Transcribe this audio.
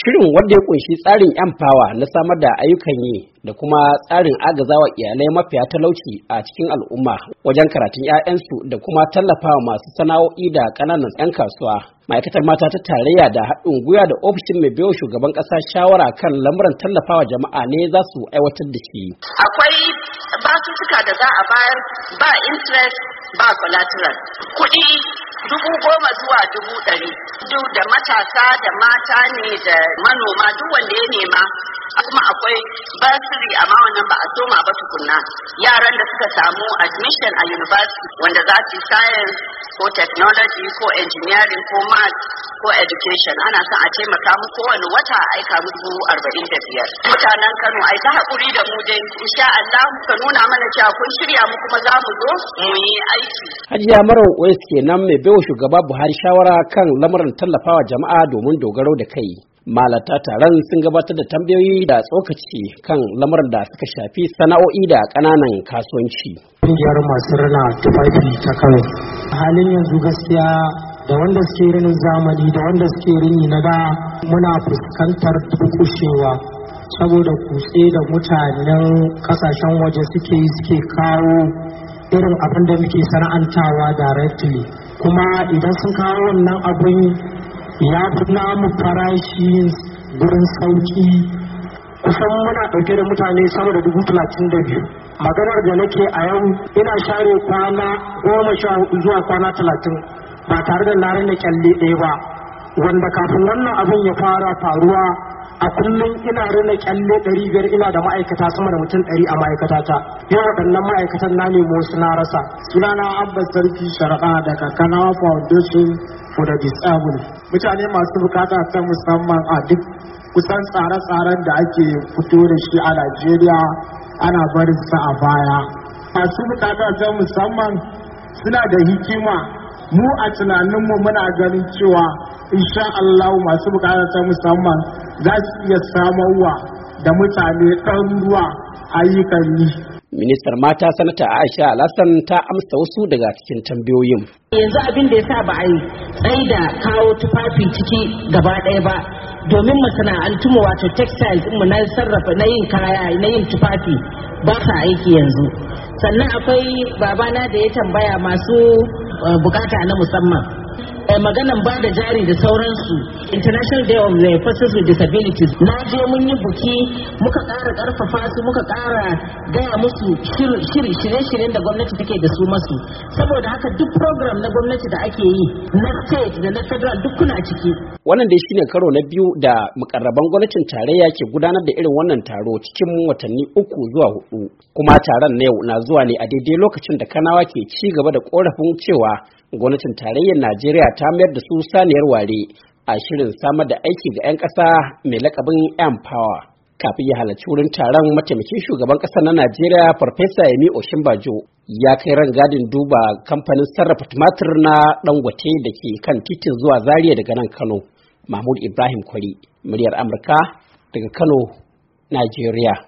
Shirin wanda ya kunshi tsarin 'yan fawa na samar da ayyukan yi da kuma tsarin agazawa iyalai mafiya talauci a cikin al'umma wajen karatun 'ya'yansu da kuma tallafawa masu sana'o'i da ƙananan 'yan kasuwa. Ma'aikatar mata ta tarayya da haɗin gwiwa da ofishin mai biyo shugaban ƙasa shawara kan lamuran tallafawa jama'a ne za su aiwatar da shi. Akwai basussuka da za a bayar ba interest ba collateral. Kuɗi dubu goma zuwa dubu ɗari duk da matasa da mata ne da manoma duk wanda ya nema kuma akwai basiri amma wannan ba a soma ba tukunna yaran da suka samu admission a university wanda za su science ko technology ko engineering ko math ko education ana son a taimaka mu kowane wata a aika mu dubu arba'in da biyar mutanen kano ai ta haƙuri da mu dai insha Allah ka nuna mana cewa kun shirya mu kuma za mu zo mu yi aiki hajiya mara suke nan mai baiwa shugaba buhari shawara kan lamuran tallafawa jama'a domin dogaro da kai malata taron sun gabatar da tambayoyi da tsokaci kan lamarin da suka shafi sana'o'i da ƙananan kasuwanci ƙungiyar masu rana tufafi ta kano A halin yanzu gaskiya da wanda suke rinin zamani da wanda suke rini na da muna fuskantar tukushewa saboda kutse da mutanen kasashen waje suke yi suke kawo irin abin da muke sana'antawa directly kuma idan sun kawo wannan abin ya fi namu farashi gurin sauki kusan muna ɗauke da mutane sama da dubu talatin da biyu maganar da nake a yau ina share kwana goma sha hudu zuwa kwana talatin ba tare da larin da kyalle ɗaya ba wanda kafin wannan abin ya fara faruwa a kullum ina rina kyalle ɗari biyar ina da ma'aikata sama da mutum ɗari a ta. yau waɗannan ma'aikatan na nemo wasu na rasa sunana abba sarki shari'a daga kanawa foundation for the disabled mutane masu bukata ta musamman a duk kusan tsare-tsaren da ake fito da shi a Najeriya ana barin sa a baya. Masu bukata ta musamman suna da hikima mu a tunaninmu muna ganin cewa insha Allah masu bukata ta musamman za su iya samarwa da mutane ɗan ruwa ayyukan yi. ministar mata sanata aisha alhassan ta amsa wasu daga cikin tambayoyin yanzu abin da ya sa ba a yi tsayi da kawo tufafi ciki gaba ɗaya ba domin masana'antu mu wato textiles mu na sarrafa na yin kaya na yin tufafi ba sa aiki yanzu sannan akwai babana da ya tambaya masu eh, bukata na musamman Eh, maganan ba da jari da sauransu international day of the persons with disabilities na je mun yi buki muka ƙara ƙarfafa su muka ƙara gaya musu shirye-shiryen da gwamnati take da su masu saboda haka duk program na gwamnati da ake yi na state da na federal duk kuna ciki wannan dai shine karo na biyu da mukarraban gwamnatin tarayya ke gudanar da irin wannan taro cikin watanni uku zuwa hudu kuma taron na yau na zuwa ne a daidai lokacin da kanawa ke ci gaba da korafin cewa gwamnatin tarayyar najeriya ta mayar da su saniyar ware a shirin samar da aiki ga 'yan ƙasa mai lakabin empower kafin ya halarci wurin taron mataimakin shugaban ƙasa na najeriya farfesa yemi oshimbajo ya kai rangadin duba kamfanin sarrafa tumatir na dangote da ke kan titin zuwa zaria daga nan kano mahmud ibrahim kwari muryar amurka daga kano najeriya